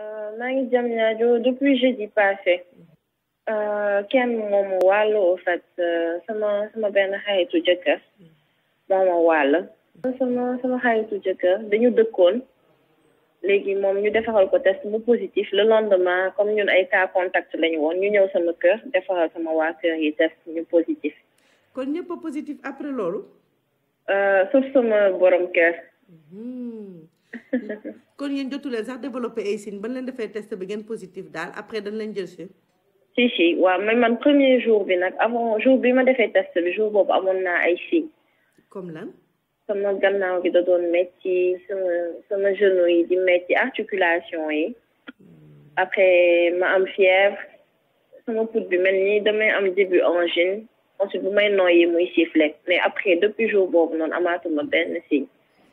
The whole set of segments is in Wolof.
Euh, maa ngi jam ñaajo depuis jeudi passé euh, kenn moomu wàll au fait euh, sama sama benn xaritu jëkkër mooma wàll sama sama dañu dëkkoon léegi moom ñu defaral ko test mu positif le lendemain comme ñun ay cas contact lañu woon ñu ñëw sama kër defaral sama waa kër yi test ñu positif kon ñëpp positif après loolu sauf sama borom kër mhm. kon yeen jotu leen sax développer ay signe ban leen defé test bi ngeen positif dal après dañ leen jël ci si si wa mais man premier jour bi nak avant jour bi ma defé test bi jour bob amon na ay signe comme lan. sama gannaaw gi da doon metti sama sama genou yi di metti articulation yi. Hmm. après ma am fièvre sama put bi mel ni damay am début angine ensuite bu may noyé muy sifflet mais après depuis jour boobu noonu amaatuma ben signe.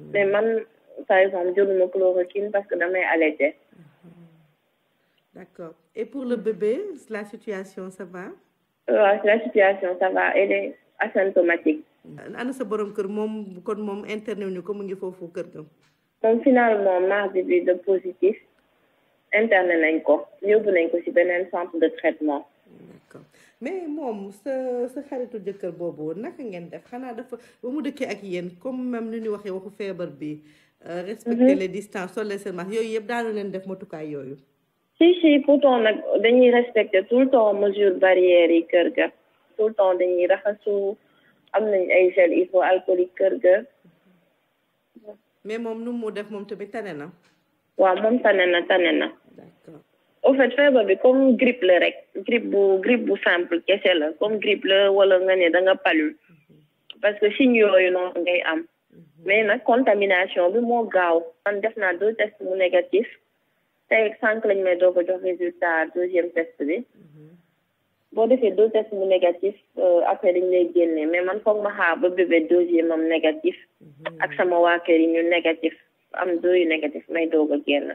Mm-hmm. mais man par exemple jëluma chloroquine parce que damay allaiter. Mm-hmm. d'accord et pour le bébé la situation ça va. Oui, la situation ça va elle est asymptomatique. Mm-hmm. ana sa borom kër mom kon mom interné ñu ko mu ngi fofu kër ga. donc finalement mardi bi de positif interné nañ ko yobu nañ ko ci benen centre de traitement. d'accord mais moom sa sa xaritu jëkkër boobu naka ngeen def xanaa dafa ba mu dëkkee ak yéen comme même ni ñu waxee waxu feebar bi. respecter les distances sol les masques yooyu yëpp daanu leen def matukaay yooyu. si si pourtant nag dañuy respecter tout le temps mesure barrière yi kër ga tout le temps dañuy raxasu am nañ ay gel il faut alcoolique kër ga. mais moom nu mu def moom tamit tane na. waaw moom tane na tane na. au fait feebar bi comme grippe la rek grippe bu grip bu simple kese la comme grippe la wala nga ne da nga palu parce que signe yu noonu ngay am mais nag contamination bi moo gaaw man def naa deux tests mu négatif te sànq lañ may doog ko jox résultat deuxième test bi boo defee deux tests mu négatif euh, après dañ lay génne mais man foog ma xaar ba bébé deuxième am négatif mhm. ak sama waa kër yi ñu négatif am deux yu négatif may doog a génn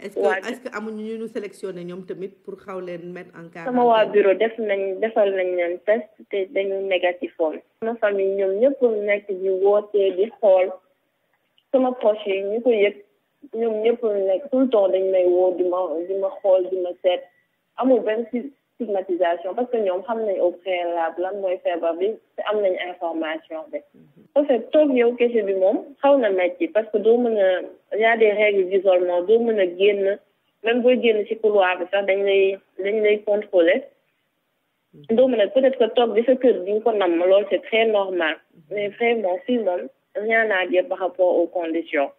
est-ce que est-ce que amuñu ñu ñu sélectionné ñoom tamit pour xaw leen mettre en cas. sama waa bureau def nañ defal nañ leen test te dañu négatif woon. sama famille ñoom ñëpp nekk di woote di xool sama proche ñu ko yëg ñoom ñëpp nekk tout le dañ may woo di ma di ma xool di ma seet amul benn si stigmatisation parce que ñoom xam nañ au préalable lan mooy feebar bi te am nañ information bi en fait toog yow kese bi moom xaw na metti parce que doo mën a y a des règles d'isolement doo mën a génn même booy génn ci couloir bi sax dañ lay dañ lay contrôler doo mën a peut-être que toog bi sa kër bi nga ko nam loolu c'est très normal mais vraiment fii moom rien à dire par rapport aux conditions